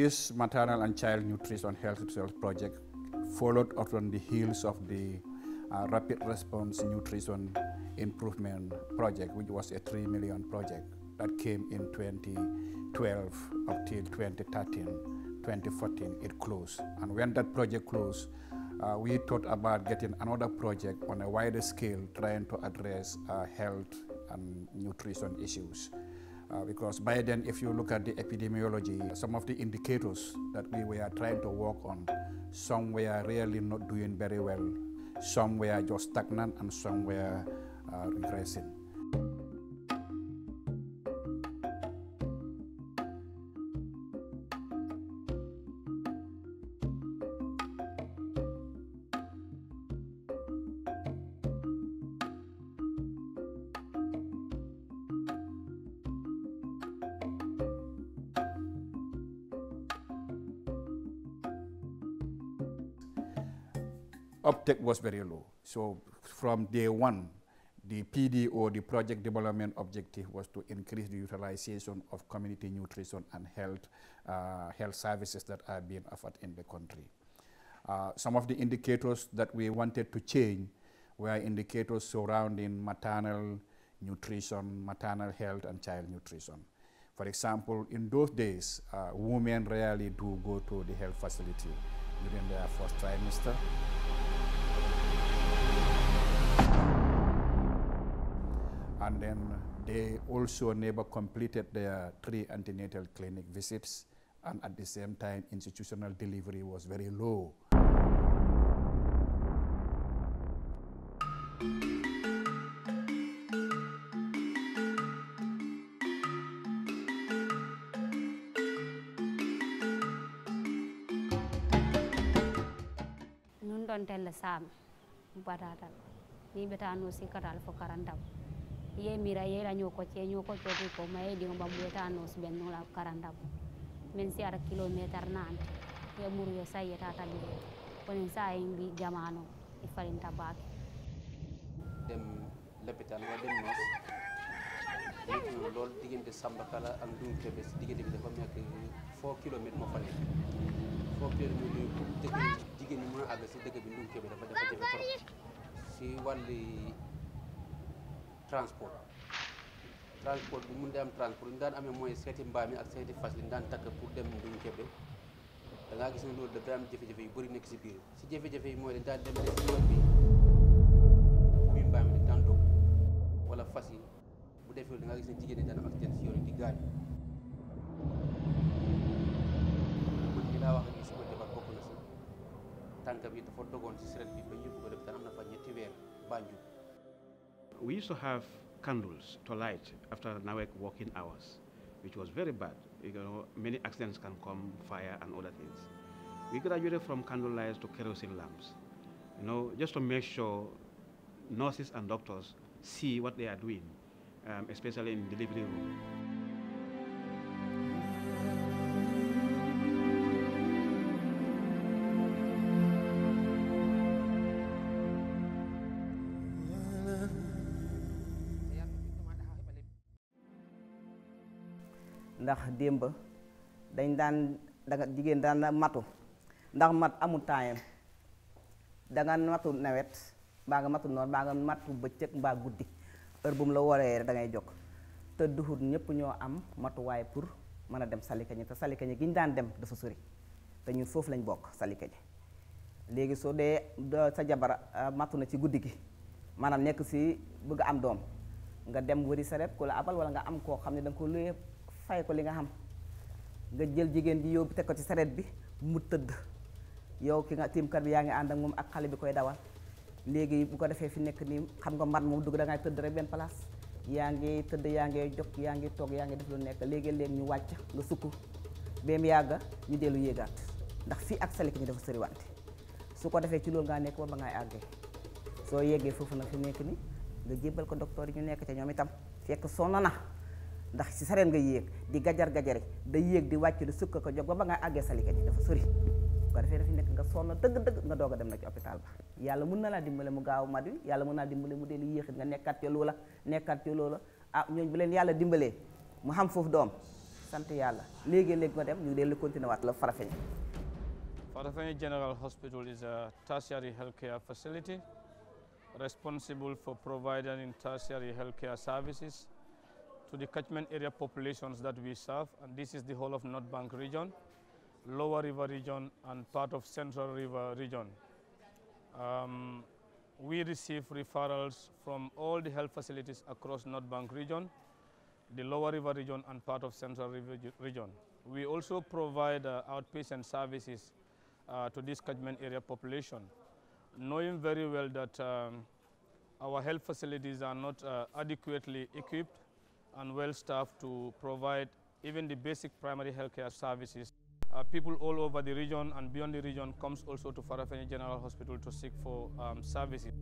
This maternal and child nutrition health research project followed up on the heels of the uh, rapid response nutrition improvement project, which was a 3 million project that came in 2012 up till 2013, 2014, it closed. And when that project closed, uh, we thought about getting another project on a wider scale trying to address uh, health and nutrition issues. Uh, because by then, if you look at the epidemiology, some of the indicators that we were trying to work on, some were really not doing very well, some were just stagnant, and some were uh, regressing. uptake was very low. So from day one, the PD or the project development objective was to increase the utilization of community nutrition and health, uh, health services that are being offered in the country. Uh, some of the indicators that we wanted to change were indicators surrounding maternal nutrition, maternal health, and child nutrition. For example, in those days, uh, women rarely do go to the health facility during the first trimester. And then they also never completed their three antenatal clinic visits and at the same time institutional delivery was very low. sam dal ni beta anu sikaral fo karandam ye mira ye la nyoko che nyoko di ko ma di ngam bu eta anu ben no la karandam men si ara kilometer nan ye mur yo sai eta ta bi konen sa en bi jamano anu, e farinta baake dem l'hôpital anu wa ya, dem nos nitu lool samba kala ak dum kebe diggante bi dafa nek 4 km mo fa 4 km yu dëkk jigéen ñi mën a àgg si dëgg bi Ndunké bi dafa dafa jafe trop si wàlli transport transport bi mun dee am transport ñu daan amee mooy seeti mbaam yi ak seeti fas ñu daan takk pour dem Ndunké bi da ngaa gis ne loolu dafa am jafe-jafe yu bëri nekk si biir si jafe-jafe yi mooy dañ daan dem ne si mbaam yi daan dog wala fas yi bu defee da ngaa gis ne jigéen ñi daan am accident si yoon yi di gaañ man laa wax We used to have candles to light after Nawek working hours, which was very bad. You know, many accidents can come, fire and other things. We graduated from candle lights to kerosene lamps, you know, just to make sure nurses and doctors see what they are doing, um, especially in delivery room. ndax démb dañ daan danga jigéen dan matu ndax mat time, da nga matu nawet ba nga matu non ba nga matu beccëk ba guddi heure bu mu la woré da ngay te duhur ñepp ño am way pour mëna dem salikañe te salikañe giñ dan dem dafa suri te ñun fofu lañ bok salikañe légui so dé sa jabar ah, matu na ci guddi gi nek si bëgg am doom nga dem wëri sa rek ko la abal wala nga am ko xamni ne da ko luyé fay ko li nga xam nga jël jigéen ji yóbbu teg ko ci saret bi mu tëdd yow ki nga kat bi yaa ngi ànd ak moom ak xale bi koy dawal léegi bu ko defee fi nekk nii xam nga mat moom dugg da ngay tëdd rek benn place yaa ngi tëdd yaa ngi jog yaa ngi toog yaa ngi def lu nekk léegi léeg ñu wàcc nga sukku ba yàgg ñu dellu yéegaat ndax fii ak salik ñu dafa sëriwante su ko defee ci loolu ngaa nekk ba ba ngay àggee soo yeggee foofu nag fi nekk nii nga jébbal ko docteur ñu nekk ca ñoom itam fekk sonn na ndax ci sareen nga yéeg di gajar gajari da yéeg di wàcc di sukk ko jog ba nga àggee sa liggéey dafa sori ko defee dafa nekk nga sonn dëgg dëgg nga doog a dem na ci hôpital ba yàlla mun na laa dimbale mu gaaw madu yàlla mun naa dimbale mu dee lu yéexit nga nekkat ci loola nekkat ci loola ah ñooñ bu leen yàlla dimbalee mu xam foofu doom sant yàlla léegi léegi nga dem ñu dee la continuer waat la farafeñ Farafeñ General Hospital is a tertiary healthcare facility responsible for providing tertiary healthcare services to the catchment area populations that we serve, and this is the whole of North Bank region, Lower River region, and part of Central River region. Um, we receive referrals from all the health facilities across North Bank region, the Lower River region, and part of Central River region. We also provide uh, outpatient services uh, to this catchment area population, knowing very well that um, our health facilities are not uh, adequately equipped and well-staffed to provide even the basic primary healthcare services. Uh, people all over the region and beyond the region comes also to Farafeni General Hospital to seek for um, services.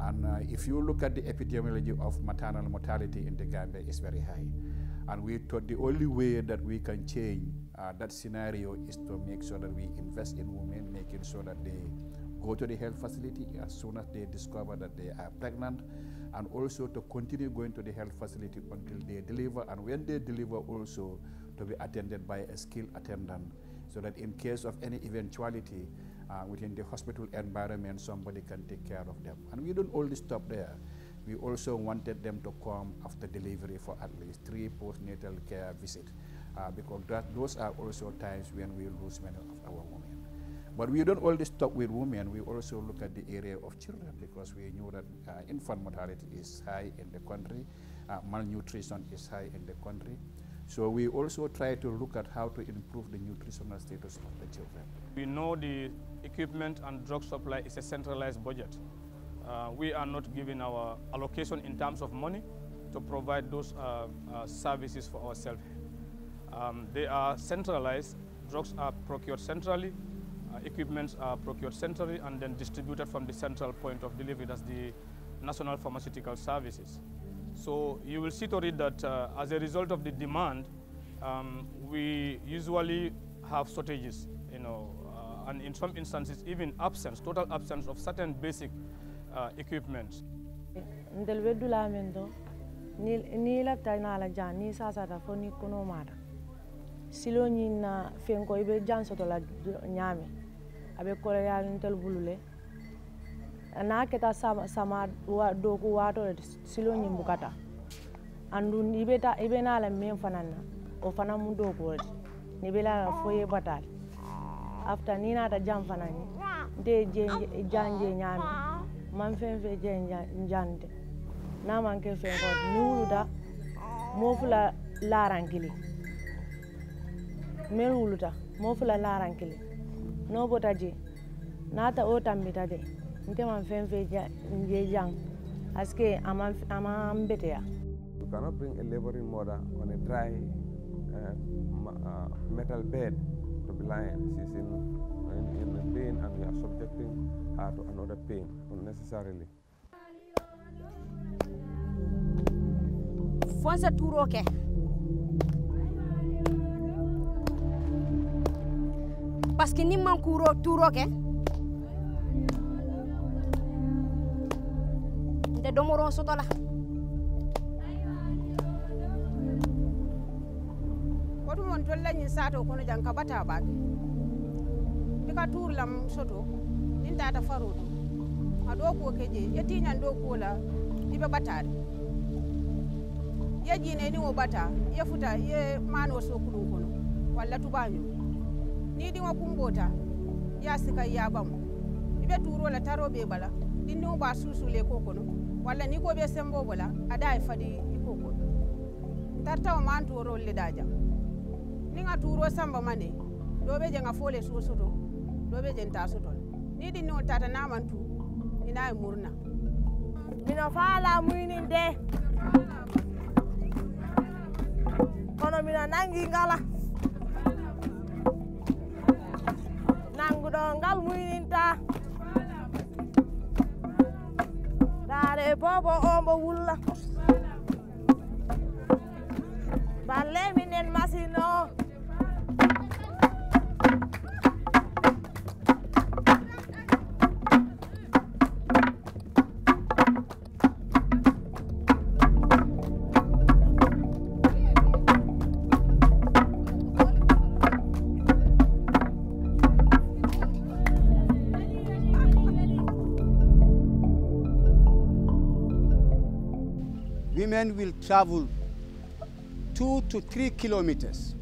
And uh, if you look at the epidemiology of maternal mortality in the Gambia, it's very high. And we thought the only way that we can change uh, that scenario is to make sure that we invest in women, making sure that they go to the health facility as soon as they discover that they are pregnant, and also to continue going to the health facility until they deliver, and when they deliver, also to be attended by a skilled attendant, so that in case of any eventuality uh, within the hospital environment, somebody can take care of them. And we don't only stop there. We also wanted them to come after delivery for at least three postnatal care visits, uh, because that, those are also times when we lose many of our women. But we don't only stop with women, we also look at the area of children because we knew that uh, infant mortality is high in the country, uh, malnutrition is high in the country. So we also try to look at how to improve the nutritional status of the children. We know the equipment and drug supply is a centralized budget. Uh, we are not giving our allocation in terms of money to provide those uh, uh, services for ourselves. Um, they are centralized, drugs are procured centrally, uh, equipments are procured centrally and then distributed from the central point of delivery, that's the National Pharmaceutical Services. So you will see to it that uh, as a result of the demand, um, we usually have shortages, you know, uh, and in some instances even absence, total absence of certain basic uh, equipment. ni ni na fenko ibe jan soto la ñame a be koroyaani ntelu bulu le naŋ keta sama, sama wa, dooku waatoo le siloo ñiŋ bukata anduŋ i be ta la meŋ fanaŋ na o fana mu dookuo le ni be la la fo ye bataale afta niŋ naata jaŋ fanaŋ ye nte ye jee jaŋ man ñaami maŋ feŋ ke fen koo niŋ wuluta moo fula laaraŋ kiliŋ meŋ wuluta fula laaraŋ kiliŋ n'o bota je n'a o tambita de n tɛ man fɛn fɛn je jan parce que ama ma n beteya you cannot bring a laboring mother on a dry uh, uh, metal bed to be lying she's in, in, in pain and we are subjecting her to another pain unnecessarily fonsa tuuro ke parce que ni man kuro turo ke nde domoro soto la ko ɗum on tollañin sato kono jan ka bata baake ndika tuur lam soto nin tata faro ɗum a ɗo kuwo keje ye tiñan ɗo kuwo la iɓe ɓatade ye jine ni wo ɓata ye futa ye mano so kulum kono walla tubañum ni ɗiŋo kumbota ya sika yabamu i be tuuro la taro be bala dindiŋo b'a suusule ko kono walla ni ko be sembo bola ada ye fadi i ko kono tartawo man tuurol le daa jam ni ŋa tuuro samba mane doo be je ŋa fo le suo soto doo be je ntaa soto la ni dindiŋo tata naa man tu i naa ye muruna mino faa la muyinin de kono mino nangi ngala kuɗo ngal dare ndaare bobo o mbo wulla balle minen masine men will travel two to three kilometers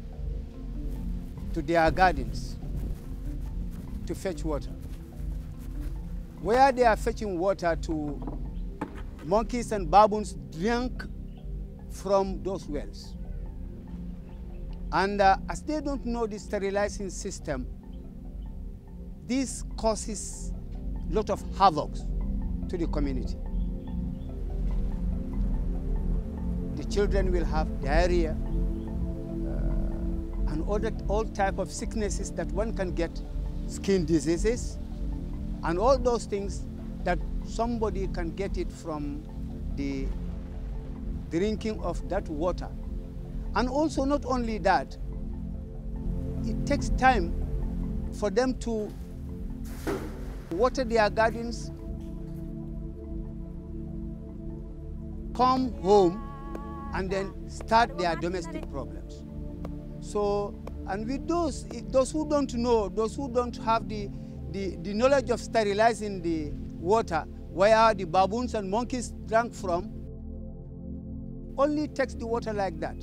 to their gardens to fetch water. Where they are fetching water to monkeys and baboons drink from those wells. And uh, as they don't know the sterilizing system, this causes a lot of havoc to the community. children will have diarrhea uh, and all, that, all type of sicknesses that one can get, skin diseases, and all those things that somebody can get it from the drinking of that water. And also not only that, it takes time for them to water their gardens, come home and then start their domestic problems. So, and with those, those who don't know, those who don't have the, the, the knowledge of sterilizing the water, where the baboons and monkeys drank from, only takes the water like that.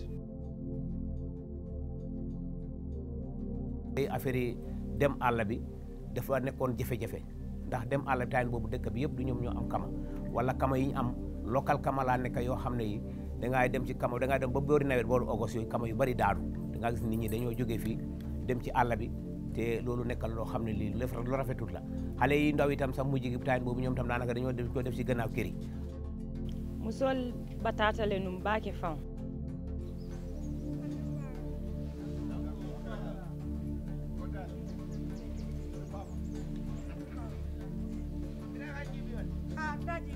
affaire yi dem àll bi dafa nekkoon jafe-jafe ndax dem àll bi taan boobu dëkk bi yëpp du ñoom ñoo am kama wala kama yi am local kama laa nekk yoo xam ne yi da ngay dem ci kamo da ngay dem ba boori nawet booru ogos yooyu kamo yu bari daanu da ngaa gis nit ñi dañoo jógee fii dem ci àll bi te loolu nekkal loo xam ne lii lu rafetut la xale yi ndaw itam sax mujj gi taan boobu ñoom tam daanaka dañoo def ko def ci gannaaw kër yi musol batatale num baake faw Ah, thank you.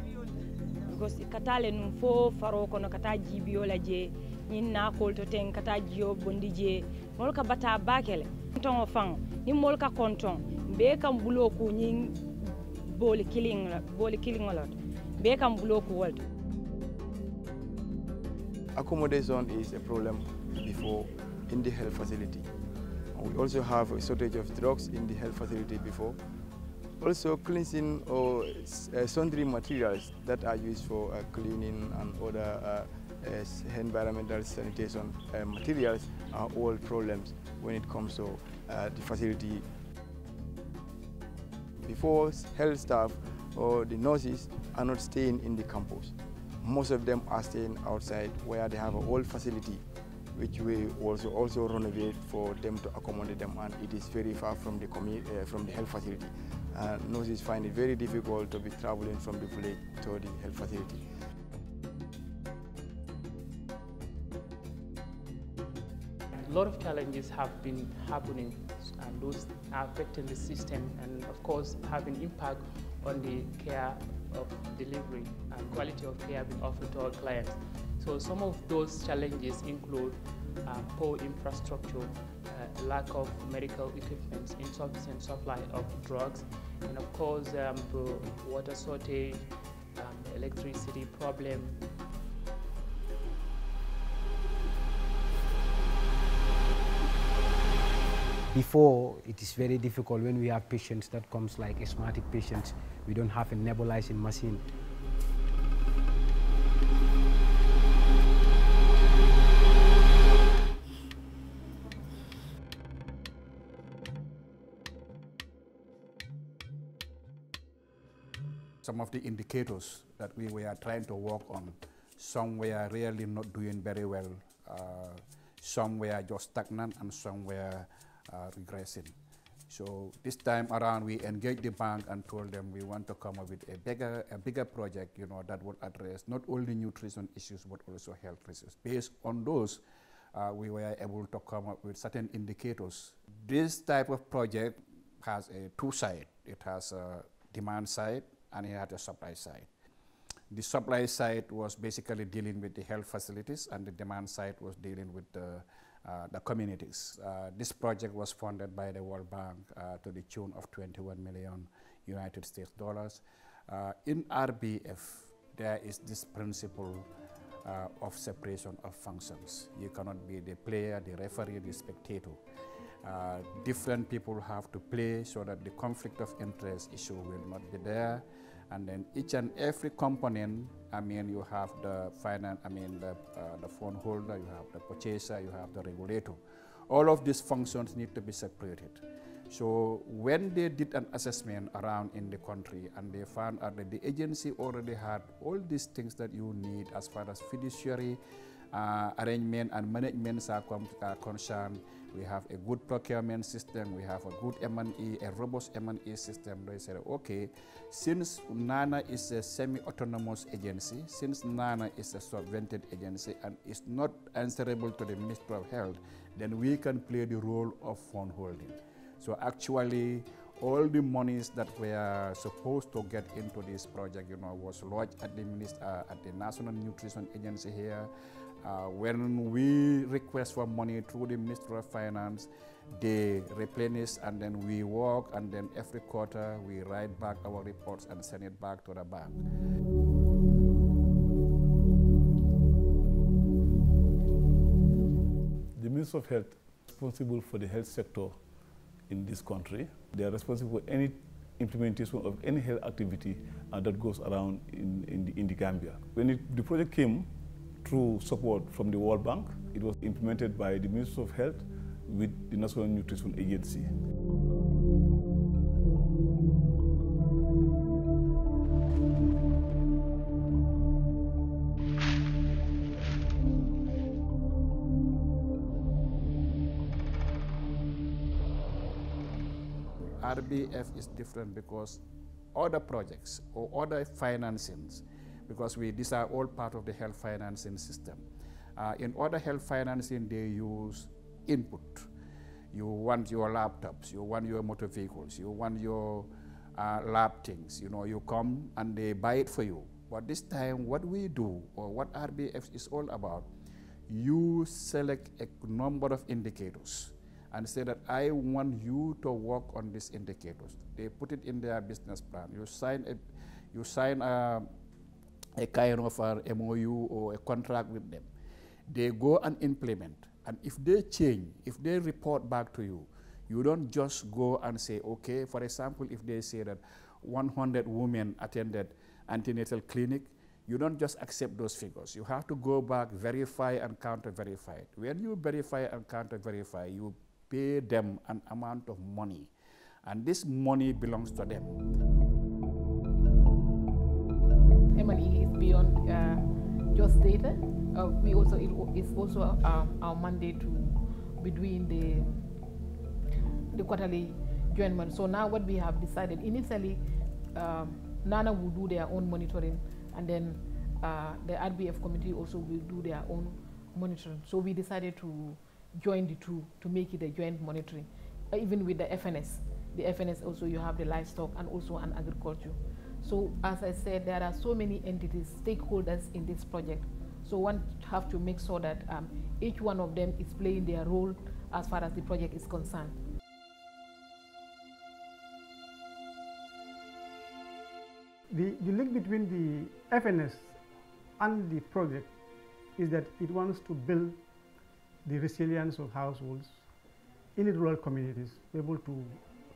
gosi katale taa le fo faroo kono kata taa jiibiyoo la jee ñiŋ naakoolu to teŋ ka taa jiyoo bondi jee moolu ka bataa baake le kontoŋo faŋo niŋ moolu ka kontoŋ mbee kaŋ buloo kuu ñiŋ booli kiliŋo la booli kiliŋo la to mbee kaŋ buloo accommodation is a problem before in the health facility we also have a shortage of drugs in the health facility before also cleansing or uh, sundry materials that are used for uh, cleaning and other uh, uh environmental sanitation uh, materials are all problems when it comes to uh, the facility. Before, health staff or the nurses are not staying in the campus. Most of them are staying outside where they have a whole facility which we also also renovate for them to accommodate them and it is very far from the, uh, from the health facility uh, nurses find it very difficult to be traveling from the village to the health facility. A lot of challenges have been happening and those are affecting the system and of course having impact on the care of delivery and quality of care being offered to our clients. So some of those challenges include uh, poor infrastructure, uh, lack of medical equipment, insufficient supply of drugs, and of course um, water shortage, um, electricity problem. Before, it is very difficult when we have patients that comes like asthmatic patients. We don't have a nebulizing machine. some of the indicators that we were trying to work on. Some were really not doing very well. Uh, some were just stagnant and some were uh, regressing. So this time around, we engaged the bank and told them we want to come up with a bigger, a bigger project, you know, that would address not only nutrition issues but also health issues. Based on those, uh, we were able to come up with certain indicators. This type of project has a two side. It has a demand side and he had a supply side. The supply side was basically dealing with the health facilities and the demand side was dealing with the, uh, the communities. Uh, this project was funded by the World Bank uh, to the tune of 21 million United States dollars. Uh, in RBF, there is this principle uh, of separation of functions. You cannot be the player, the referee, the spectator. Uh, different people have to play so that the conflict of interest issue will not be there and then each and every component I mean, you have the finance, I mean, the, uh, the phone holder, you have the purchaser, you have the regulator. All of these functions need to be separated. So when they did an assessment around in the country and they found out that the agency already had all these things that you need as far as fiduciary uh, arrangement and management are, are concerned, we have a good procurement system. We have a good M&E, a robust M&E system. They said, okay, since NANA is a semi-autonomous agency, since NANA is a subvented agency and is not answerable to the Ministry of Health, then we can play the role of fund holding. So actually, all the monies that were supposed to get into this project, you know, was lodged at the, minister, uh, at the National Nutrition Agency here. Uh, when we request for money through the Ministry of Finance, they replenish and then we work and then every quarter we write back our reports and send it back to the bank. The Ministry of Health is responsible for the health sector in this country. They are responsible for any implementation of any health activity uh, that goes around in, in, the, in the Gambia. When it, the project came, through support from the World Bank. It was implemented by the Ministry of Health with the National Nutrition Agency. RBF is different because other projects or other financings because we, these are all part of the health financing system. Uh, in other health financing, they use input. You want your laptops, you want your motor vehicles, you want your uh, lab things. You know, you come and they buy it for you. But this time, what we do or what RBF is all about, you select a number of indicators and say that I want you to work on these indicators. They put it in their business plan. You sign a, you sign a, a kind of a MOU or a contract with them. They go and implement. And if they change, if they report back to you, you don't just go and say, okay, for example, if they say that 100 women attended antenatal clinic, you don't just accept those figures. You have to go back, verify and counter verify it. When you verify and counter verify, you pay them an amount of money. And this money belongs to them. beyond uh, just data. Eh? Uh, we also it, it's also um, our mandate to be doing the the quarterly one. So now what we have decided initially, um, Nana will do their own monitoring, and then uh, the RBF committee also will do their own monitoring. So we decided to join the two to make it a joint monitoring, uh, even with the FNS. The FNS also you have the livestock and also an agriculture. So as I said, there are so many entities, stakeholders in this project. So one have to make sure that um, each one of them is playing their role as far as the project is concerned. The, the link between the FNS and the project is that it wants to build the resilience of households in the rural communities, able to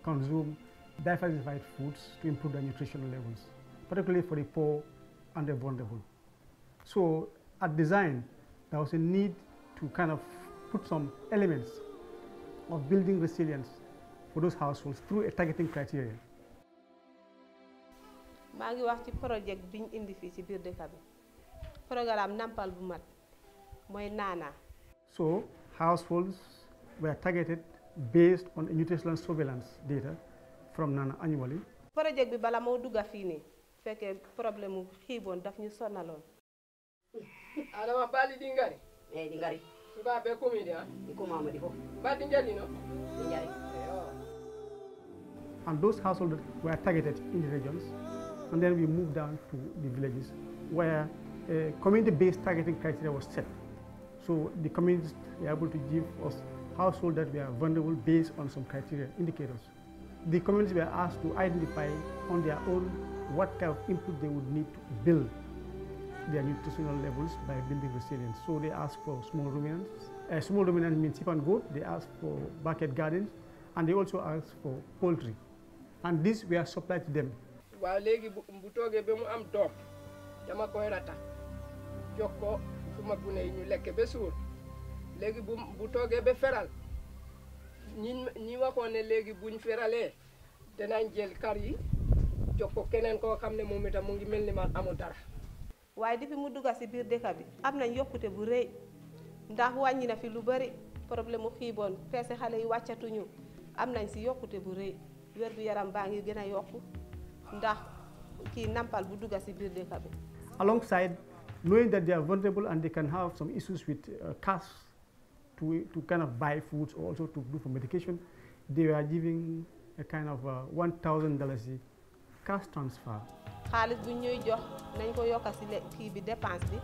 consume diversified foods to improve their nutritional levels, particularly for the poor and the vulnerable. So at design, there was a need to kind of put some elements of building resilience for those households through a targeting criteria. maa ngi wax ci projet bi ñu programme nampal bu So households were targeted based on nutritional surveillance data from Nana annually. projet bi bala moo dugg fii nii fekkee problème mu xiiboon daf ñu sonaloon. adama bali di ngari. eh di ngari. ba be kumi di ah. di kuma ma di ko. ba di njari no. di njari. Eh, oh. And those households were targeted in the regions, and then we moved down to the villages where a eh, community-based targeting criteria was set. So the communities were able to give us households that were vulnerable based on some criteria, indicators the communities were asked to identify on their own what kind of input they would need to build their nutritional levels by building resilience. So they asked for small ruminants. Uh, small ruminants means sheep and goat. They asked for bucket gardens and they also asked for poultry. And this we are supplied to them ñi ñi buñ danañ jël kar yi jox ko itam ngi man dara. depuis mu dugga biir bi bu ndax na fi lu bari problème xale yi wàccatuñu bu wér yaram ndax nampal bu dugga biir bi. alongside knowing that they are vulnerable and they can have some issues with uh, caste to, to kind of buy foods, also to do for medication, they were giving a kind of uh, a $1,000 cash transfer. xaalis bu ñuy jox nañ ko yokk si kii bi dépense bi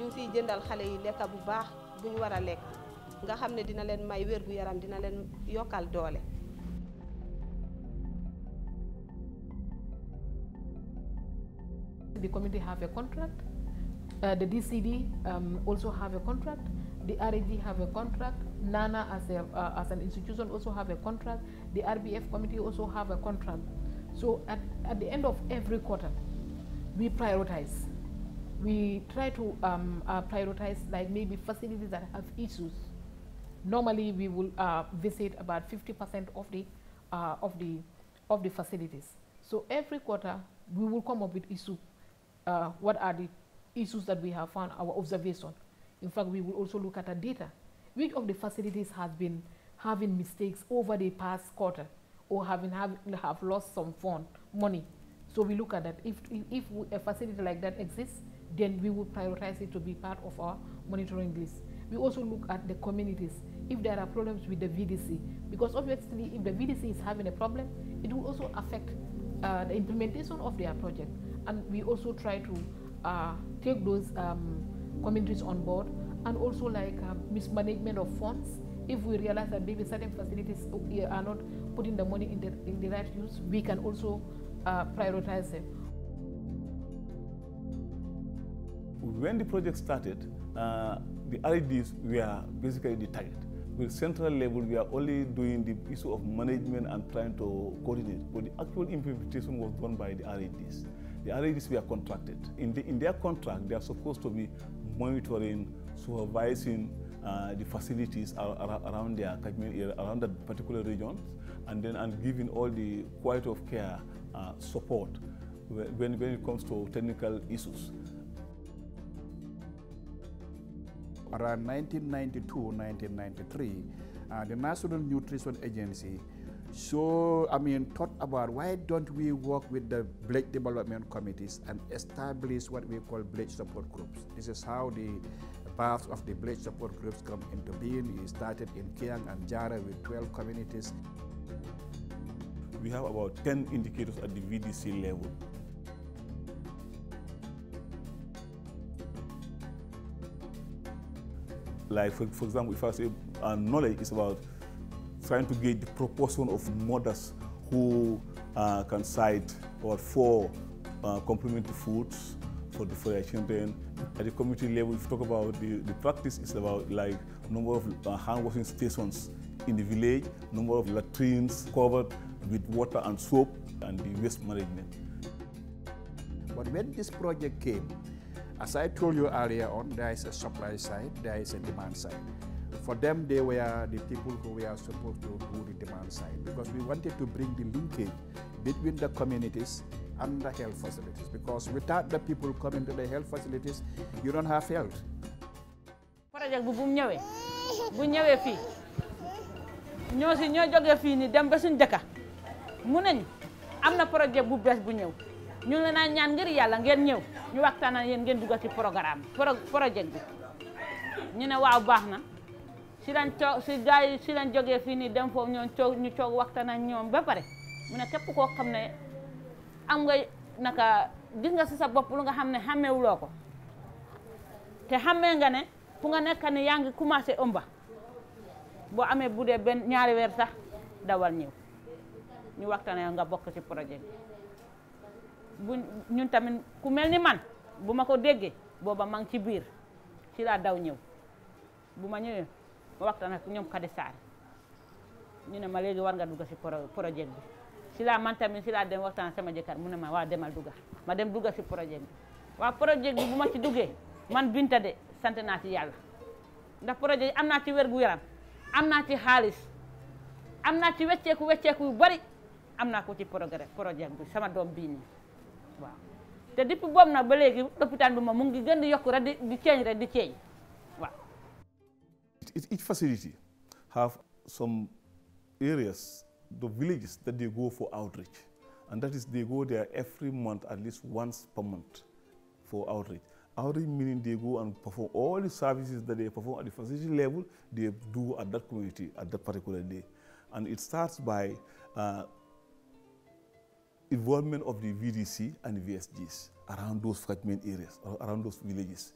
ñu ngi siy jëndal xale yi lekka bu baax bu ñu war a lekk nga xam ne dina leen may wér gu yaram dina leen yokkal doole. The community have a contract. Uh, the DCD um, also have a contract. The R&D have a contract. NANA as, a, uh, as an institution also have a contract. The RBF committee also have a contract. So at, at the end of every quarter, we prioritize. We try to um, uh, prioritize like maybe facilities that have issues. Normally, we will uh, visit about 50% of the uh, of the of the facilities. So every quarter, we will come up with issue. Uh, what are the issues that we have found? Our observation. In fact, we will also look at the data. Which of the facilities has been having mistakes over the past quarter or having have, have lost some fund, money? So we look at that. If, if a facility like that exists, then we will prioritize it to be part of our monitoring list. We also look at the communities, if there are problems with the VDC, because obviously if the VDC is having a problem, it will also affect uh, the implementation of their project. And we also try to uh, take those um, communities on board, and also like uh, mismanagement of funds. If we realize that maybe certain facilities uh, are not putting the money in the, in the right use, we can also uh, prioritize them. When the project started, uh, the RDs were basically the target. With central level, we are only doing the issue of management and trying to coordinate. But the actual implementation was done by the RDs. The RDs were contracted. In, the, in their contract, they are supposed to be monitoring, supervising uh, the facilities around their around that particular region, and then and giving all the quality of care uh, support when, when it comes to technical issues. Around 1992-1993, uh, the National Nutrition Agency so, I mean, thought about why don't we work with the village development committees and establish what we call village support groups. This is how the path of the village support groups come into being. We started in Kiang and Jara with 12 communities. We have about 10 indicators at the VDC level. Like, for, for example, if I say uh, knowledge is about trying to gauge the proportion of mothers who uh, can cite or for uh, complementary foods for the for their children. At the community level, if you talk about the, the practice, it's about like number of uh, hand washing stations in the village, number of latrines covered with water and soap, and the waste management. But when this project came, as I told you earlier on, there is a supply side, there is a demand side. For them, they were the people who were supposed to do the demand side because we wanted to bring the linkage between the communities and the health facilities because without the people coming to the health facilities, you don't have health. projet bi bu mu ñëwee bu ñëwee fii ñoo si ñoo jógee fii ni dem ba suñ dëkka mu nañ am na projet bu bees bu ñëw ñu la naa ñaan ngir yàlla ngeen ñëw ñu waxtaan yéen ngeen dugal ci programme projet bi ñu ne waaw baax si lañ coog si gars yi si lañ jógee fii nii dem foofu ñoom ñu coog waxtaan ak ñoom ba pare mu ne képp koo xam ne am nga naka gis nga si sa bopp lu nga xam ne xàmmewuloo ko te xàmmee nga ne fu nga nekk ni yaa ngi commencé ëmba boo amee bu dee benn ñaari weer sax dawal ñëw ñu waxtaanee nga bokk ci projet bi bu ñun tamit ku mel ni man bu ma ko déggee booba ma ngi ci biir ci laa daw ñëw bu ma ñëwee ma waxtaan ak ñoom Kadi Sarr ñu ne ma léegi war nga dugg si projet bi si la man tamit si la dem waxtaan sama jëkkër mu ne ma waa demal dugga ma dem dugga si projet bi waa projet bi bu ma ci duggee man Binta de sante naa si yàlla ndax projet am naa ci wér gu yaram am naa ci xaalis am naa ci wecceeku wecceeku yu bari am naa ko ci progrès projet bi sama doom bii nii waaw te depuis boobu na ba léegi lopitaan bi moom mu ngi gën di yokk rek di di ceeñ rek di ceeñ each facility have some areas, the villages that they go for outreach. And that is they go there every month, at least once per month for outreach. Outreach meaning they go and perform all the services that they perform at the facility level, they do at that community at that particular day. And it starts by uh, involvement of the VDC and the VSGs around those fragment areas, around those villages.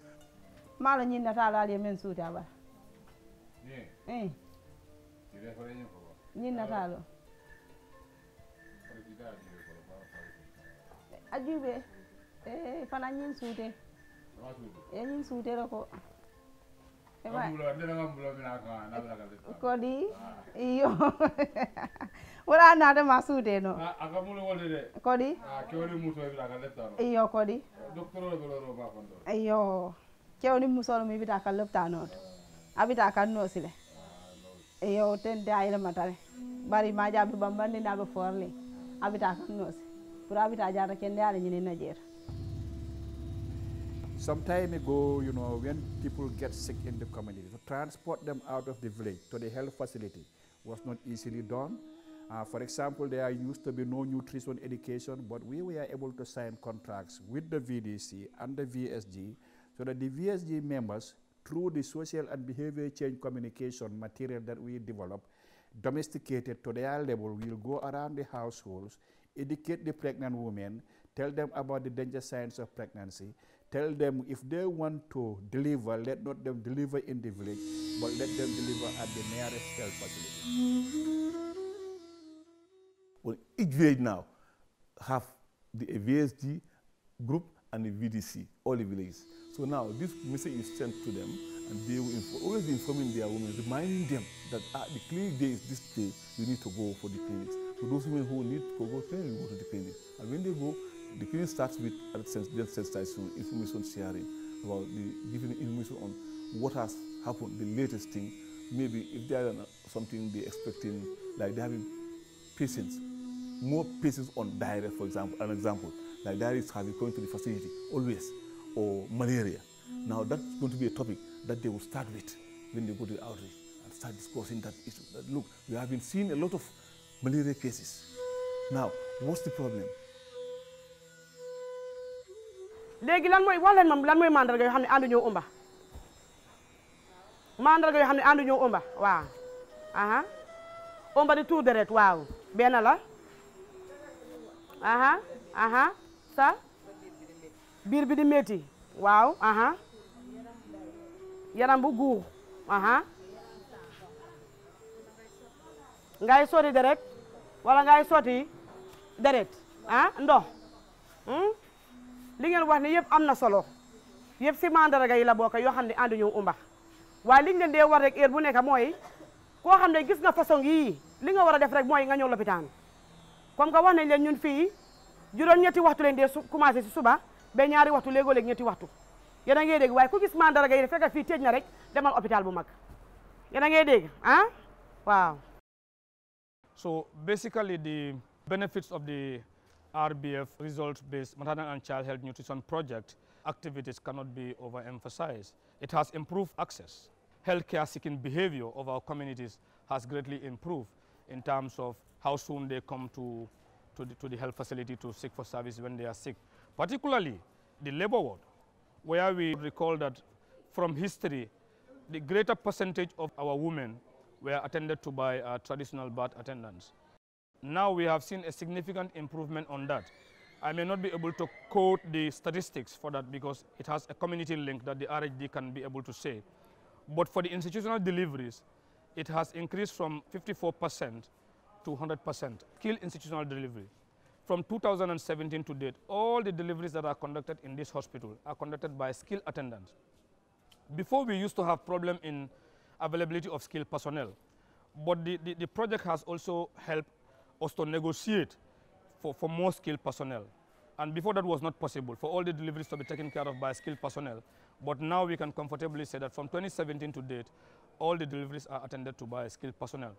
Mala nyinda tala aliyemensuta Ні. Ні. Ти де горіння було? Ні, Наталу. А дюбе? Е, фана нін суте. Е, нін суте роко. Е, ва. Амбуло, амбуло, амбуло, амбуло, амбуло, амбуло, амбуло, амбуло, amura na de masu de no a ga mulu wole de kodi a ke woni muso bi da ka lepta no iyo kodi doktoro lo lo ba kondo iyo ke woni muso lo mi bi da ka lepta no abita kanno sile yo tente ayila matale bari ma jabi na naɓe forli abita kanno si pour abita jata kende ala na jeeta some time ago, you know, when people get sick in the community, to transport them out of the village to the health facility was not easily done. Uh, for example, there used to be no nutrition education, but we were able to sign contracts with the VDC and the VSG so that the VSG members through the social and behavior change communication material that we develop, domesticated to their level, we'll go around the households, educate the pregnant women, tell them about the danger signs of pregnancy, tell them if they want to deliver, let not them deliver in the village, but let them deliver at the nearest health facility. Well, each village now have the VSD group and the VDC, all the villages. So now this message is sent to them and they will inform, always be informing their women, reminding them that ah, the clinic day is this day, you need to go for the clinics. So those women who need to go, then you go to the clinic. And when they go, the clinic starts with sensitization, information sharing, about the giving information on what has happened, the latest thing. Maybe if are something they're expecting, like they're having patients, more patients on diarrhea, for example, an example. like diaries have been coming to the facility always, or malaria. Now that's going to be a topic that they will start with when they go to the outreach and start discussing that issue. That, look, we have been seeing a lot of malaria cases. Now, what's the problem? léegi lan mooy wax leen lan mooy mandarga yoo xam ne ànd ñoo ëmba mandarga yoo xam ne ànd ñoo ëmba waaw aha ëmba di tuur deret waaw benn la aha saa biir bi di métti waaw aha yaram bu guux aha ngay sotti deret wala ngay sotti deret ah ndo hmm? li ngeen wax ni yëpp am na solo yëpp si mandarga yi la bokk yoo xam ne àndu ñu umba waaye liñ leen dee war rek heure bu nekk mooy koo xam ne gis nga façon yi li nga war a def rek mooy nga ñëw lopitaan comme que wax nañ leen ñun fii ñetti waxtu dee commencé si suba ba ñaari waxtu léegoo léeg ñetti waxtu yéen a dégg waaye ku gis fekk fii tëj na rek demal hôpital bu mag yéen a dégg ah waaw. so basically the benefits of the RBF result-based maternal and child health nutrition project activities cannot be overemphasized. It has improved access. Healthcare seeking behavior of our communities has greatly improved in terms of how soon they come to to the, to the health facility to seek for service when they are sick. Particularly the labor ward, where we recall that from history, the greater percentage of our women were attended to by uh, traditional birth attendants. Now we have seen a significant improvement on that. I may not be able to quote the statistics for that because it has a community link that the RHD can be able to say. But for the institutional deliveries, it has increased from 54% to 100% kill institutional delivery. From 2017 to date, all the deliveries that are conducted in this hospital are conducted by skilled attendants. Before we used to have problem in availability of skilled personnel, but the, the, the project has also helped us to negotiate for, for more skilled personnel. And before that was not possible for all the deliveries to be taken care of by skilled personnel. But now we can comfortably say that from 2017 to date, all the deliveries are attended to by skilled personnel.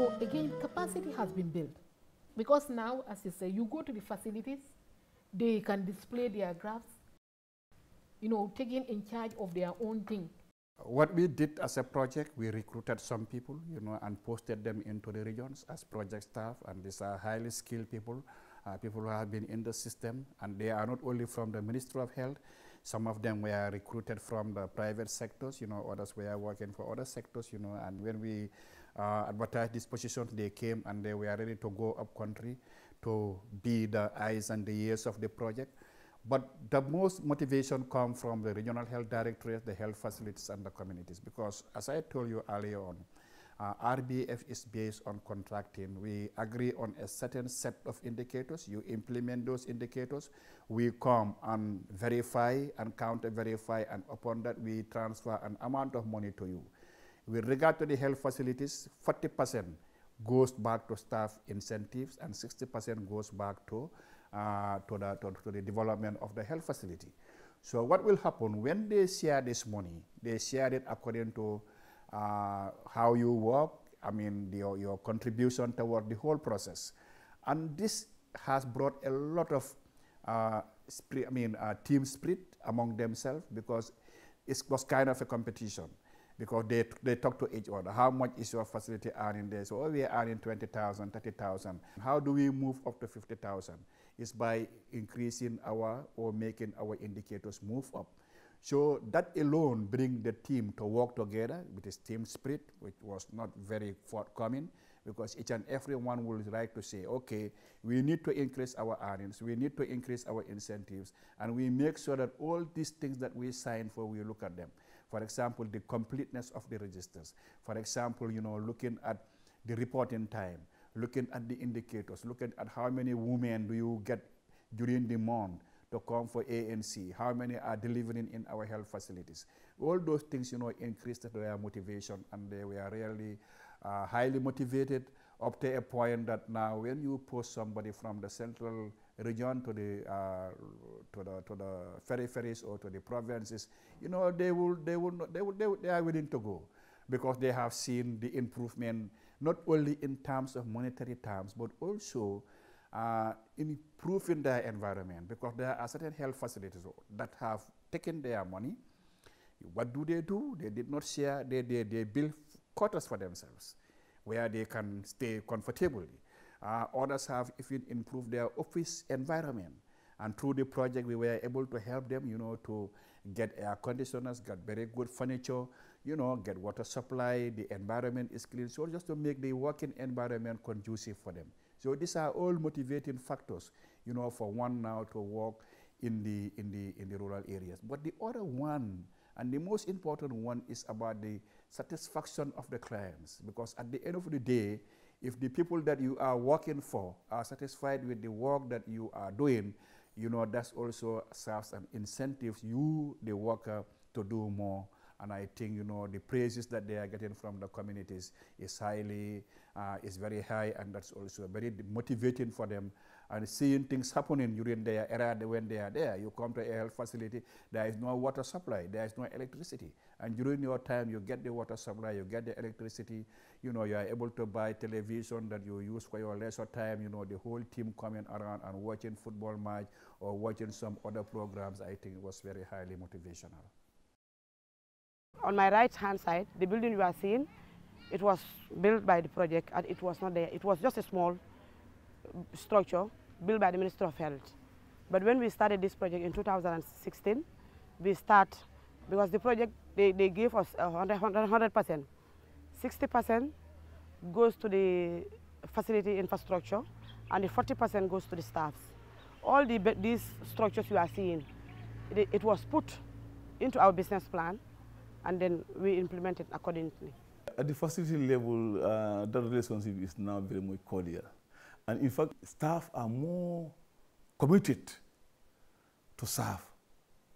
So again, capacity has been built because now, as you say, you go to the facilities, they can display their graphs, you know, taking in charge of their own thing. What we did as a project, we recruited some people, you know, and posted them into the regions as project staff, and these are highly skilled people, uh, people who have been in the system, and they are not only from the Ministry of Health, some of them were recruited from the private sectors, you know, others were working for other sectors, you know, and when we uh, advertised this position. They came and they were ready to go up country to be the eyes and the ears of the project. But the most motivation comes from the regional health directorate, the health facilities, and the communities. Because as I told you earlier on, uh, RBF is based on contracting. We agree on a certain set of indicators. You implement those indicators. We come and verify and counter verify, and upon that, we transfer an amount of money to you. With regard to the health facilities, 40% goes back to staff incentives and 60% goes back to, uh, to, the, to, to, the development of the health facility. So what will happen when they share this money, they share it according to uh, how you work, I mean, the, your contribution toward the whole process. And this has brought a lot of uh, I mean, uh, team spirit among themselves because it was kind of a competition because they, they talk to each other. How much is your facility earning there? So oh, we are earning 20,000, 30,000. How do we move up to 50,000? It's by increasing our or making our indicators move up. So that alone bring the team to work together with this team spirit, which was not very forthcoming because each and every one would like to say, okay, we need to increase our earnings, we need to increase our incentives, and we make sure that all these things that we sign for, we look at them. For example, the completeness of the registers. For example, you know, looking at the reporting time, looking at the indicators, looking at how many women do you get during the month to come for ANC, how many are delivering in our health facilities. All those things, you know, increased their motivation and they were really uh, highly motivated up to a point that now when you post somebody from the central region, to the, uh, to the, to the peripheries or to the provinces, you know, they will, they will, not, they will, they, will, they are willing to go because they have seen the improvement, not only in terms of monetary terms, but also uh, improving their environment because there are certain health facilities that have taken their money. What do they do? They did not share, they, they, they build quarters for themselves where they can stay comfortably. Uh, others have even improved their office environment. And through the project, we were able to help them, you know, to get air conditioners, get very good furniture, you know, get water supply, the environment is clean. So just to make the working environment conducive for them. So these are all motivating factors, you know, for one now to work in the, in the, in the rural areas. But the other one, and the most important one is about the satisfaction of the clients. Because at the end of the day, if the people that you are working for are satisfied with the work that you are doing, you know, that also serves an incentive you, the worker, to do more. And I think, you know, the praises that they are getting from the communities is highly, uh, is very high, and that's also very motivating for them and seeing things happening during their era when they are there. You come to a health facility, there is no water supply, there is no electricity. And during your time, you get the water supply, you get the electricity, you know, you are able to buy television that you use for your leisure time, you know, the whole team coming around and watching football match or watching some other programs, I think was very highly motivational. On my right-hand side, the building you are seeing, it was built by the project and it was not there. It was just a small structure built by the Minister of Health. But when we started this project in 2016, we start, because the project, they, they gave us 100%. 60% goes to the facility infrastructure, and the 40% goes to the staffs. All the, these structures you are seeing, it, it was put into our business plan, and then we implemented accordingly. At the facility level, uh, that relationship is now very much cordial. And in fact, staff are more committed to serve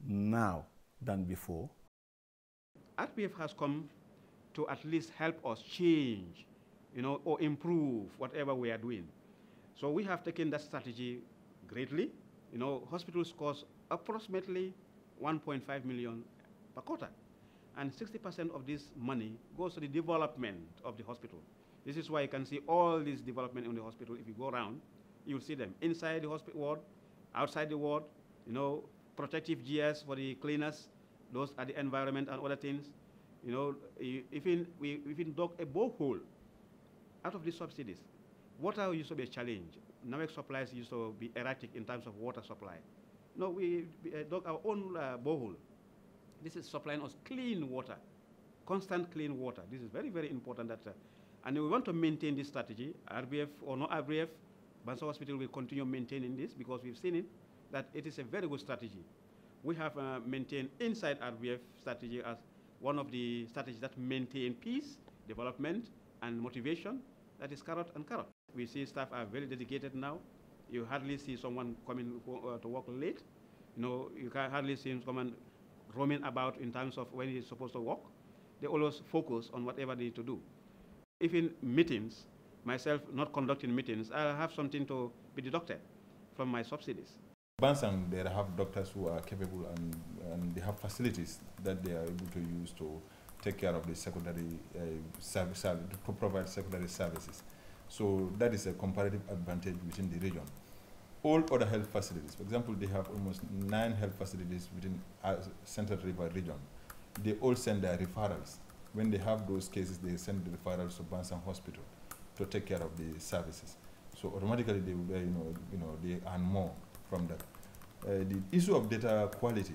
now than before. RPF has come to at least help us change, you know, or improve whatever we are doing. So we have taken that strategy greatly. You know, hospitals cost approximately 1.5 million per quarter, and 60% of this money goes to the development of the hospital. This is why you can see all this development in the hospital. If you go around, you'll see them inside the hospital ward, outside the ward, you know, protective GS for the cleaners, those are the environment and other things. You know, even we even dug a borehole out of these subsidies. Water used to be a challenge. NAMEC supplies used to be erratic in terms of water supply. No, we uh, dug our own uh, borehole. This is supplying us clean water, constant clean water. This is very, very important that uh, and we want to maintain this strategy, RBF or no RBF, Bansa Hospital will continue maintaining this because we've seen it, that it is a very good strategy. We have uh, maintained inside RBF strategy as one of the strategies that maintain peace, development, and motivation, that is carrot and carrot. We see staff are very dedicated now. You hardly see someone coming uh, to work late. You know, you can hardly see someone roaming about in terms of when he's supposed to work. They always focus on whatever they need to do. Even meetings, myself not conducting meetings, I'll have something to be deducted from my subsidies. Bansang, they have doctors who are capable and, and they have facilities that they are able to use to take care of the secondary uh, service, to provide secondary services. So that is a comparative advantage within the region. All other health facilities, for example, they have almost nine health facilities within uh, Central River region. They all send their referrals when they have those cases, they send the referrals to Bansang Hospital to take care of the services. So automatically, they will, uh, you know, you know, they earn more from that. Uh, the issue of data quality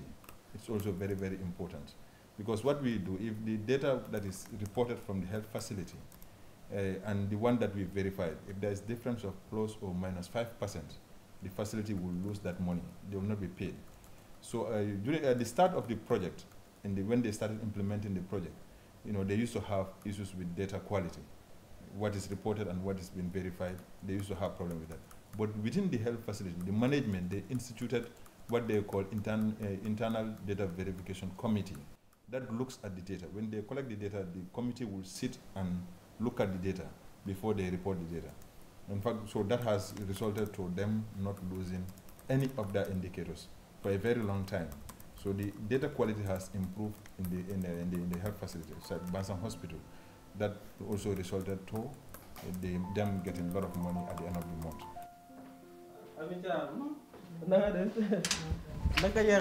is also very, very important because what we do, if the data that is reported from the health facility uh, and the one that we verified, if there is difference of plus or minus five percent, the facility will lose that money. They will not be paid. So uh, during at uh, the start of the project, and the, when they started implementing the project, you know, they used to have issues with data quality. What is reported and what has been verified, they used to have problem with that. But within the health facility, the management, they instituted what they call intern, uh, internal data verification committee. That looks at the data. When they collect the data, the committee will sit and look at the data before they report the data. In fact, so that has resulted to them not losing any of their indicators for a very long time. So the data quality has improved in the in the, in the, in the health facility, so Bansang Hospital. That also resulted to uh, the, them getting a lot of money at the end of the month. nanga eh, def nga nga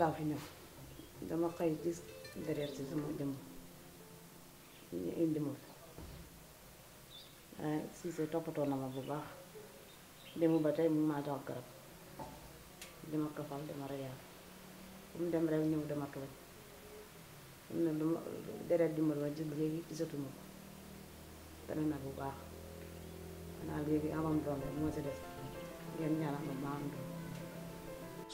ah? na fi dama xëy gis deret si sama jëmm ñu indi ma waaye Cissé toppatoo na ma bu baax démb ba tey mu maa jox garab di ma kafal di ma reyaal fu mu dem rek ñëw dama tooñ mu ne lu ma deret dimbal ma jël léegi gisatuma ko tane na bu baax xanaa léegi amam doom rek moo si des ngeen ñaanal ma maa am doom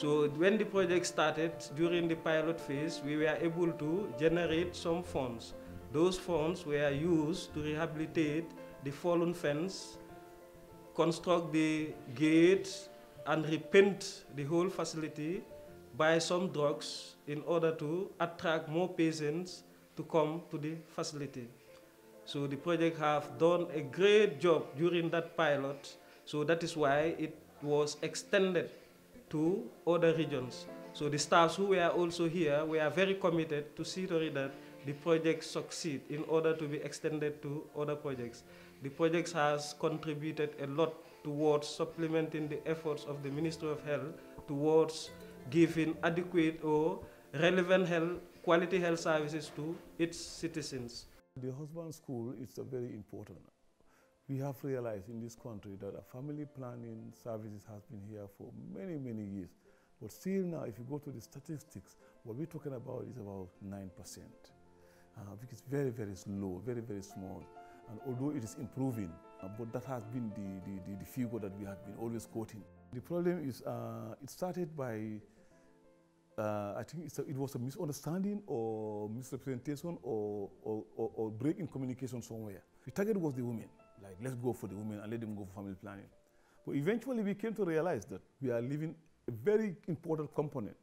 So when the project started, during the pilot phase, we were able to generate some funds. Those funds were used to rehabilitate the fallen fence, construct the gates, and repaint the whole facility, buy some drugs in order to attract more patients to come to the facility. So the project have done a great job during that pilot, so that is why it was extended to other regions. So the staffs who were also here were very committed to see to it that the project succeed in order to be extended to other projects. The project has contributed a lot towards supplementing the efforts of the Ministry of Health towards giving adequate or relevant health, quality health services to its citizens. The husband school is very important. We have realized in this country that a family planning services has been here for many, many years. But still now, if you go to the statistics, what we're talking about is about 9% uh, which is very, very slow, very, very small. And although it is improving, uh, but that has been the, the, the, the, figure that we have been always quoting. The problem is uh, it started by, uh, I think a, it was a misunderstanding or misrepresentation or, or, or, or break in communication somewhere. The target was the women, like let's go for the women and let them go for family planning. But eventually we came to realize that we are leaving a very important component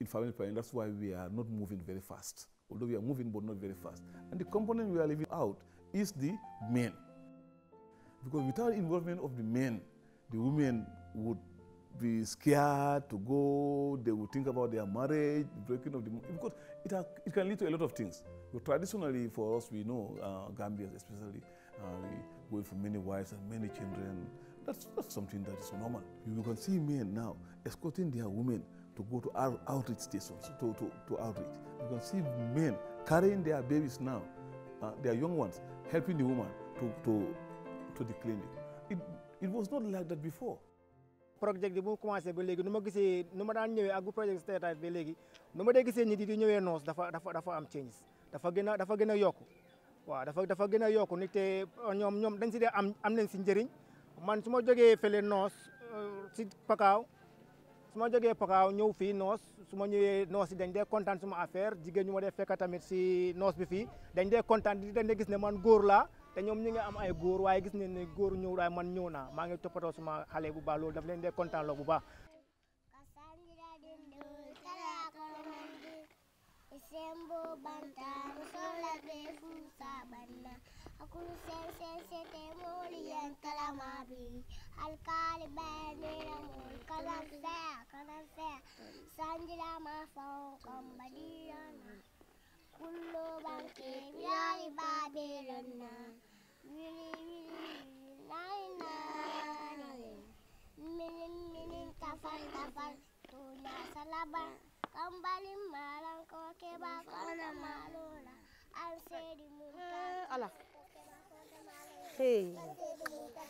in family planning. That's why we are not moving very fast although we are moving but not very fast. And the component we are leaving out is the men. Because without involvement of the men, the women would be scared to go, they would think about their marriage, breaking of the because it, it can lead to a lot of things. But traditionally, for us, we know uh, Gambians especially, uh, we go for many wives and many children. That's, that's something that is normal. You can see men now escorting their women to go to our outreach stations, to, to, to outreach. You can see men carrying their babies now, uh, their young ones, helping the woman to, to, to the clinic. It, it was not like that before. project bi mu commencé ba léegi nu ma gisee nu ma daan ñëwee ak project started ba léegi nu ma dee gisee nit yi di ñëwee noos dafa dafa dafa am changes dafa gën a dafa gën a yokku waaw dafa dafa gën a yokku nit te uh, ñoom ñoom dañ si dee am am nañ si njëriñ man su ma jógee fële noos uh, si pakaaw suma joge jógee ñew fi nos suma ñewé nos dañ dé kontaan suma affaire jigéen ñuma dé fekka tamit ci nos bi fi dañ dé kontaan di dañ dee gis né man goor la té ñom ñi nga am ay goor waye gis né né goor ñew waaye man ñew na ma nga topato suma xalé bu baax lool daf leen dé kontaan lo bu baax Sembo bantam sholat be fusa banna أكون سيسة موليا كلامي الكالي بني مول كنسى كنسى سانجلا ما فوقم بديانا كل بنكي بلاي بابيلنا ويلي ويلي لاينا منين منين كفر كفر تونا سلابا كمبالي مالان كوكي باكونا مالولا أنسي دي مولكا hey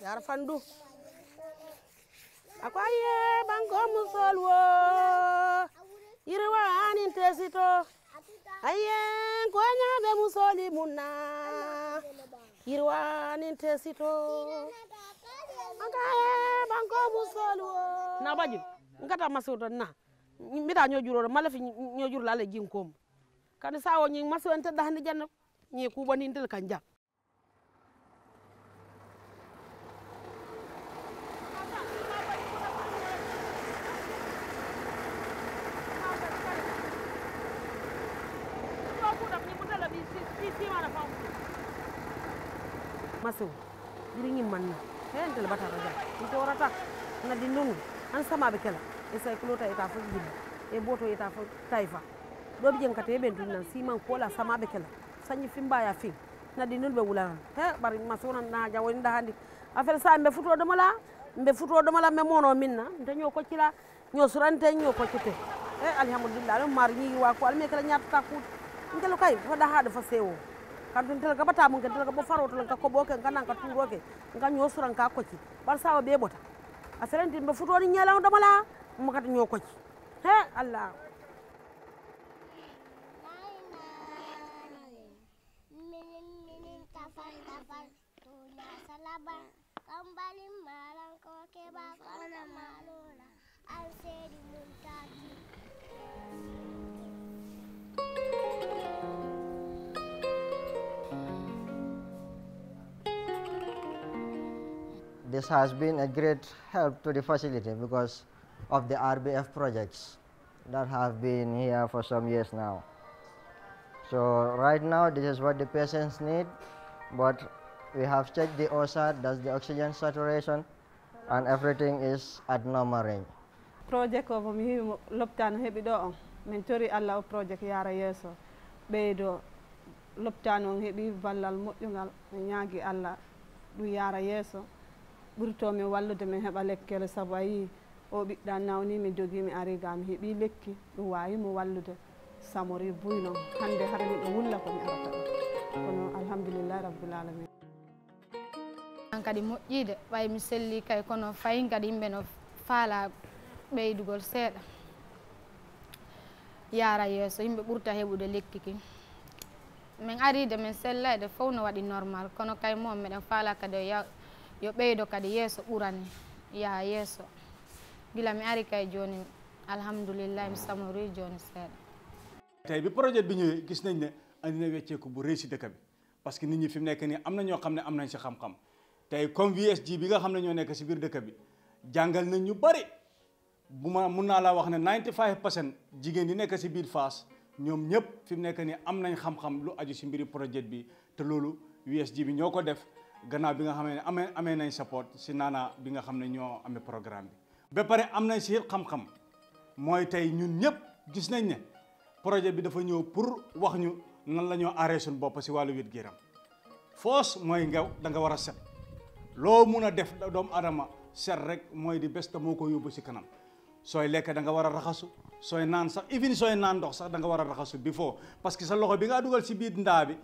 yar fandu akoye banko musolwo tesito. aninte aye konya be musoli munna irwa aninte sito akaye banko musolwo na baju ngata masudo na mbita nyojuro malafi nyojuro lale jinkom kan sawo nyi maswente dahni janno nyi kubanintel kanja maɓe kela e sa kulota eta fof jibba e boto eta fof tayfa ɗo ɓe jen kate ɓen tun nan siman kola samaɓe kela sañi fimbaya fin nadi nol ɓe wulanan he ɓar masona naja wonida handi affaire sa mbe futoɗomo la mbe futoɗomo la mbe mono minna na nte ño koccila ño surante ño koccite e alhamdulillah ɗum mari ñiyiwa ko alami kala ñatata kuuɗe ngelo kay hoɗa haɗa fa sewo tel ntela ka batamu ke ntela ka bo farotolan ka koɓo ke ngananka tuuro ke nga ño suran ka kocci bar sawa ɓe ɓota a salantin ba futo ni nyala da mala mu kata nyoko ci he allah kambalin malan ko ke ba kona malola an sai this has been a great help to the facility because of the RBF projects that have been here for some years now. So right now this is what the patients need but we have checked the OSAT, that's the oxygen saturation and everything is at normal range. Project ko mo loptan heɓi ɗo on min tori allah o project yara yeeso ɓeydo loptan on heɓi ballal moƴƴugal allah yara yeeso ɓuritomi wallude mi heɓa lekkele sabu a yii o ɓiɗɗa nawni mi jogii mi ariga mi heɓi lekki ɗum wawimo wallude samori buyno hande har miɗo wulla ko mi arata kono alhamdulillahi rabbilalamin an kadi moƴƴiide ɓay mi selli kay kono fayin kadi yimɓe no faala ɓeydugol seeɗa yara yesso yimɓe ɓurta heɓude lekki kin min ariide min sellaede fof no waɗi normal kono kay moom meɗen faala kadi o yo ɓeydo kadi yeeso ɓuranni yaha yeeso gila mi ari kay joni Alhamdulillah mi samori joni seeɗa tey bi projet bi ñëwee gis nañ ne andi na ko bu réy si dëkk bi parce que nit ñi fi mu nekk nii am na ñoo xam ne am nañ si xam-xam tey comme VSG bi nga xam ne ñoo nekk si biir dëkk bi jàngal nañ ñu bari bu ma mun naa wax ne 95 pour cent jigéen yi nekk si biir Fass ñoom ñëpp fi mu nekk nii am nañ xam-xam lu aju si mbiri projet bi te loolu USG bi ñoo ko def gannaaw bi nga xamné amé amé nañ support si nana bi nga xamné ño amé programme bi ba pare amna ci xam-xam moy tay ñun ñëpp gis nañ né projet bi dafa ñëw pour wax ñu nan lañu ñoo sun bop ci si wit wér Fos moy nga da nga wara set def doom adama set rek moy di best moko moo ko kanam soy lekk da nga wara raxasu soy nan sax even soy nandoksa dox sax da nga wara raxasu before parce que sa loxo bi nga duggal si biir nda bi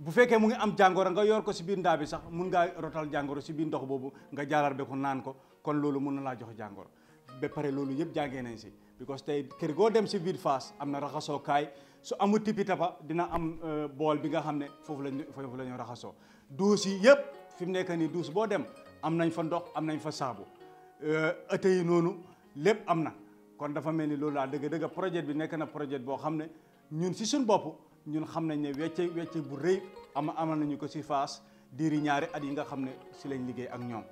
bu fekke mu ngi am jangor nga yor ko si biir ndabi sax mun nga rotal jangor si biir ndox bobu nga jaalar be ko nan ko kon lulu mun na laa jox jàngoro be pare lolu yeb jange nañ ci because tay keur go dem si biir Fass am raxaso kay so su amu tipi tapa dina am euh, bol bi nga xamne fofu foofu lañ foofu la ñu raxasoo duus yi yëpp fi mu dem am nañ fa ndox am nañ fa sabu euh yi nonu lepp amna kon dafa melni lolu la deug deug projet bi nek na projet bo xamne ñun ci sun bop ñun xam nañ ne wéccé wecce bu reuy ama amal nañu ko ci Fass diri ñaari at yi nga xam ne si lañ liggéey ak ñoom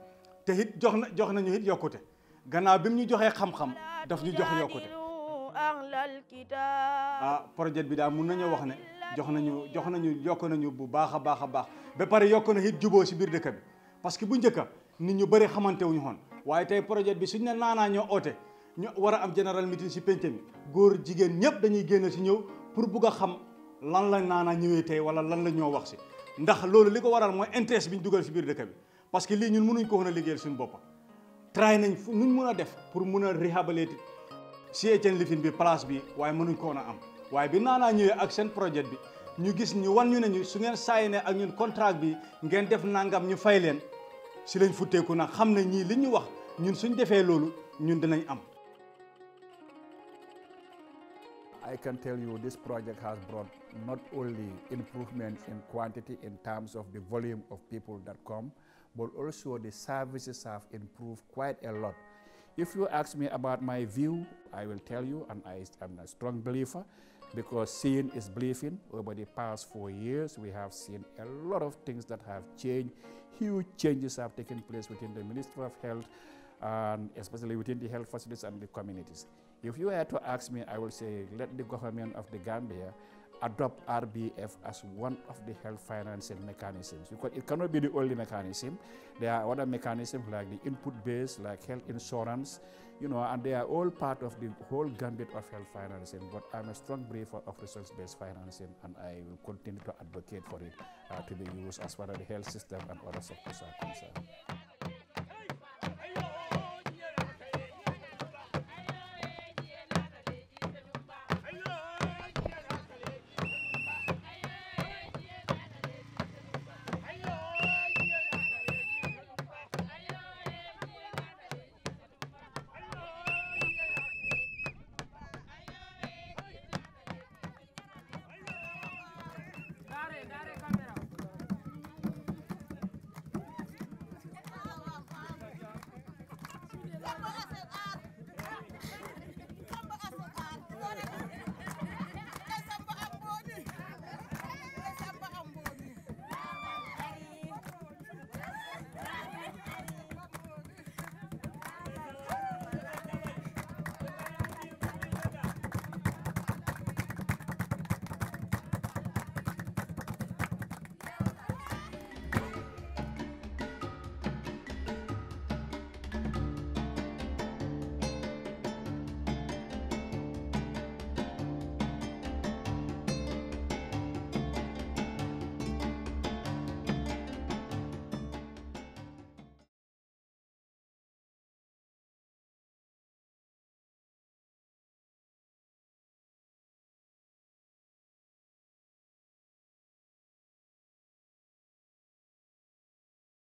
te hit jox na jox nañu it yokkute gannaaw ñu joxé xam-xam daf ñu jox yokuté ah projet bi da mu nañu wax ne jox nañu jox bu baaxa baaxa baax ba pare yokk na it juboo si biir dëkk bi parce que bu njëkka nit ñu bari xamanté wuñu hon waaye tay projet bi suñu ne nana ñoo oté ñu wara am general meeting ci gur mi góor jigéen ñëpp dañuy génn si ñew pour bugg xam lan la naana ñëwee tey wala lan la ñoo wax si ndax loolu li ko waral mooy intérêt bi ñu dugal si biir dëkk bi parce que lii ñun mënuñ ko woon a liggéeyal suñu boppa try nañ fu mën a def pour mën a réhabiliter CHN Lifin bi place bi waaye mënuñ ko woon a am waaye bi naanaa ñuy ak seen projet bi ñu gis ñu wan ñu ne ñu su ngeen saay ne ak ñun contrat bi ngeen def nangam ñu fay leen si lañ futteeku nag xam ne ñii li ñu wax ñun suñ defee loolu ñun dinañ am I can tell you this project has brought not only improvement in quantity in terms of the volume of people that come, but also the services have improved quite a lot. If you ask me about my view, I will tell you, and I am a strong believer, because seeing is believing. Over the past four years, we have seen a lot of things that have changed. Huge changes have taken place within the Ministry of Health, and especially within the health facilities and the communities. If you were to ask me, I will say let the government of the Gambia adopt RBF as one of the health financing mechanisms. Because it cannot be the only mechanism. There are other mechanisms like the input base, like health insurance, you know, and they are all part of the whole gambit of health financing. But I'm a strong believer of resource-based financing, and I will continue to advocate for it uh, to be used as part of the health system and other sectors are concerned.